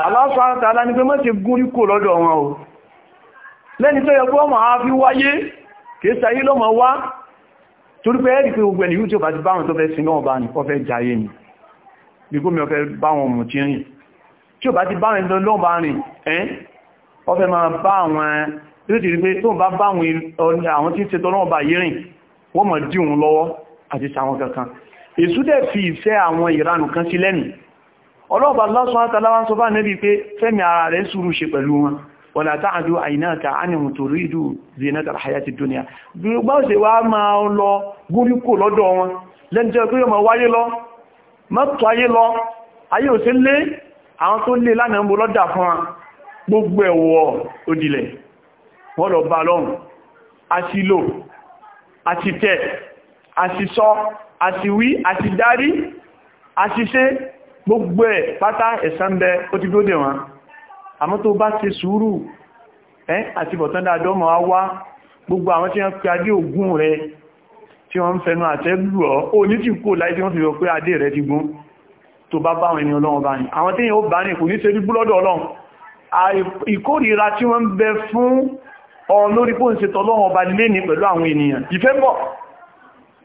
A: aláṣọ́ àtàlá ni pé mọ́ ti gún rí kò lọ́dọ̀ wọn o lẹ́ni tó yẹ kó ọmọ àá fi wáyé kìí sayé lọ́mọ wá torí pé ẹ́rì pé gbogbo ẹni tí ó bá ti báwọn tó fẹ́ sí náà bá ní ọfẹ́ jayé ni bí gómi ọfẹ́ báwọn mú tí rìn tí ó bá ti báwọn ẹni lọ́mọ bá rìn ẹ́n ọfẹ́ máa bá àwọn tí ó ti rí pé tó bá báwọn àwọn tí ń ṣe tọ́lọ́mọ bá rìn wọ́n èsù dẹ̀ fi ìfẹ́ àwọn ìranù kan sí lẹ́nu ọlọ́ọ̀bà lọ́sùn àtàláwà sọ bá nẹ́bí pé fẹ́mi ara rẹ̀ sùúrù ṣe pẹ̀lú wọn wọ̀lá táàdù àìnáta ánìhùn tó rí ìdú zinata àyàtì dúnìyà gbogbo ṣe wá máa lọ gúríkò lọ́dọ̀ wọn lẹ́njẹ́ pé yọmọ wáyé lọ mọ́tò ayé lọ ayé ò sí lé àwọn tó lé lánàá mú lọ́dà fún wa gbogbo ẹ̀wọ̀ òdìlẹ̀ wọ́n lọ bá lọ́rùn àti lò àti tẹ́ àṣìsọ àṣìwí àṣìdárí àṣìṣe gbogbo ẹ̀ pátá ẹ̀san bẹ ó ti gbóde wọn àmọ́ tó bá ṣe sùúrù ẹ́ àti bọ̀tán dáadọ́mọ̀ á wá gbogbo àwọn tí wọ́n pe adé ògún rẹ tí wọ́n ń fẹnu àtẹ́ lù ọ́ ó ní tí kò láì tí wọ́n fi rọ pé adé rẹ ti gún tó bá bá àwọn ènìyàn ọlọ́run bá ní àwọn tí yóò bá ní ìkórìíra tí wọ́n ń bẹ fún ọ lórí pòǹsẹ̀tọ̀ ọlọ́run ọba lé ní pẹ̀lú àwọn ènìyàn ìfẹ́ bọ̀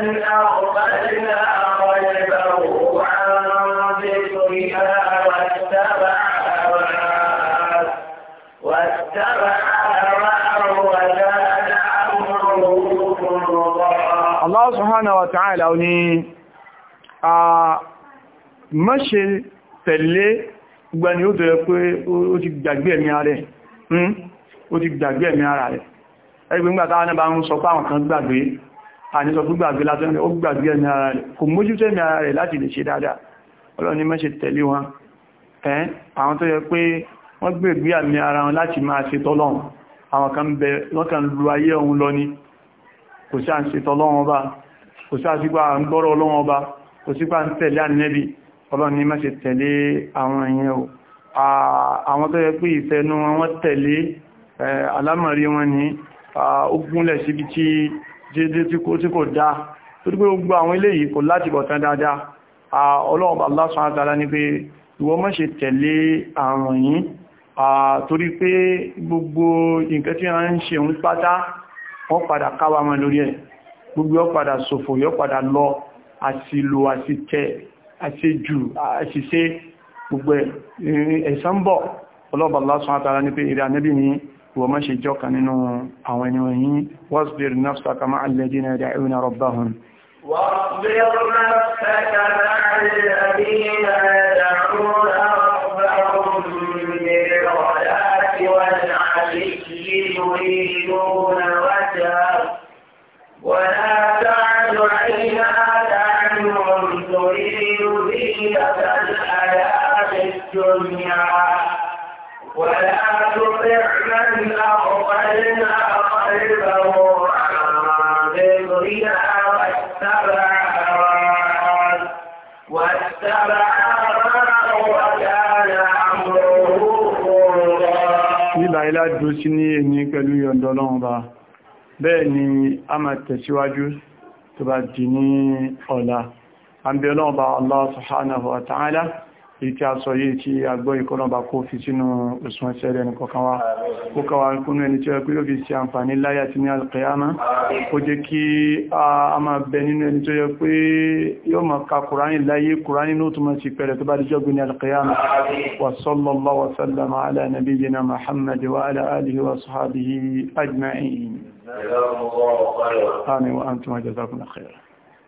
A: من أغفلنا قلبه عن
B: ذكرنا واتبع هواه واتبع هواه وكان أمره فرطا
A: الله سبحانه وتعالى أوني má ṣe tẹ̀lé gbẹni ó tẹ̀lé pé ó ti gbàgbé ẹ̀mí ara rẹ̀ hmm? ó ti gbàgbé ẹ̀mí ara rẹ̀ ẹgbẹ̀ngbàtà ánẹ́bà ń sọ pé àwọn kan gbàgbé àníṣọ́ tó gbàgbé látọ́nà ó gbàgbé ẹni ara rẹ̀ kò mójútó ẹni ara rẹ̀ láti lè ṣe dáadáa ọlọ́ni mọ́ ṣe tẹ̀lé wọn ẹ́n àwọn tó yẹ pé wọ́n gbègbé àmì ara wọn láti máa ṣe tọ́lọ́run àwọn kan bẹ lọ́kàn lu ayé ọ̀hún ni kò sí à ń ṣe tọ́lọ́run ọba kò sí àṣípa à ń gbọ́rọ̀ ọlọ́run ọba kò sípa ń tẹ̀lé ànẹ́bì ọlọ́ni mọ́ ṣe tẹ̀lé àwọn èèyàn o àwọn tó yẹ pé ìfẹ́nu wọn síbi tí dédé tí kò tí kò dá tó dípé gbogbo àwọn eléyìí kò láti bọ̀tán dáadáa ọlọ́run Allah subhanahu wa ta'ala ní pé ìwọ má ṣe tẹ̀lé àrùn yìí torí pé gbogbo nǹkan tí wọ́n ń ṣe ń pátá wọ́n padà káwà mọ́ lórí ẹ̀ gbogbo yọ́ padà ṣòfò yọ́ padà lọ àti lò àti tẹ̀ àti jù àti ṣe gbogbo ẹ̀sán bọ̀ ọlọ́run Allah subhanahu wa ní pé ìrìn وما شجوك أن أعوان وهي واصبر نفسك مع الذين يدعون ربهم
B: واصبر نفسك مع الذين يدعون ولا dúró
A: sí ní ẹni pẹ̀lú yọ̀ndọ̀ ọlọ́run bá bẹ́ẹ̀ ni a máa tẹ̀síwájú tó bá di ní ọ̀la. àbí ọlọ́run bá Allah subhanahu wa ta'ala ìtí aṣọ yìí tí agbọ́ ìkọ́nàbà kó fi sínú òṣùn ẹsẹ̀ rẹ̀ nìkọ̀kan wá ó kọwà kúnnú ẹni tí ó pé ṣe àǹfààní láyà ti ní alqiyama ó jẹ́ kí a máa bẹ nínú ẹni tó yẹ pé yóò máa ka kùránì láyé kùránì ní òtúmọ̀ sí pẹ̀rẹ̀ tó bá di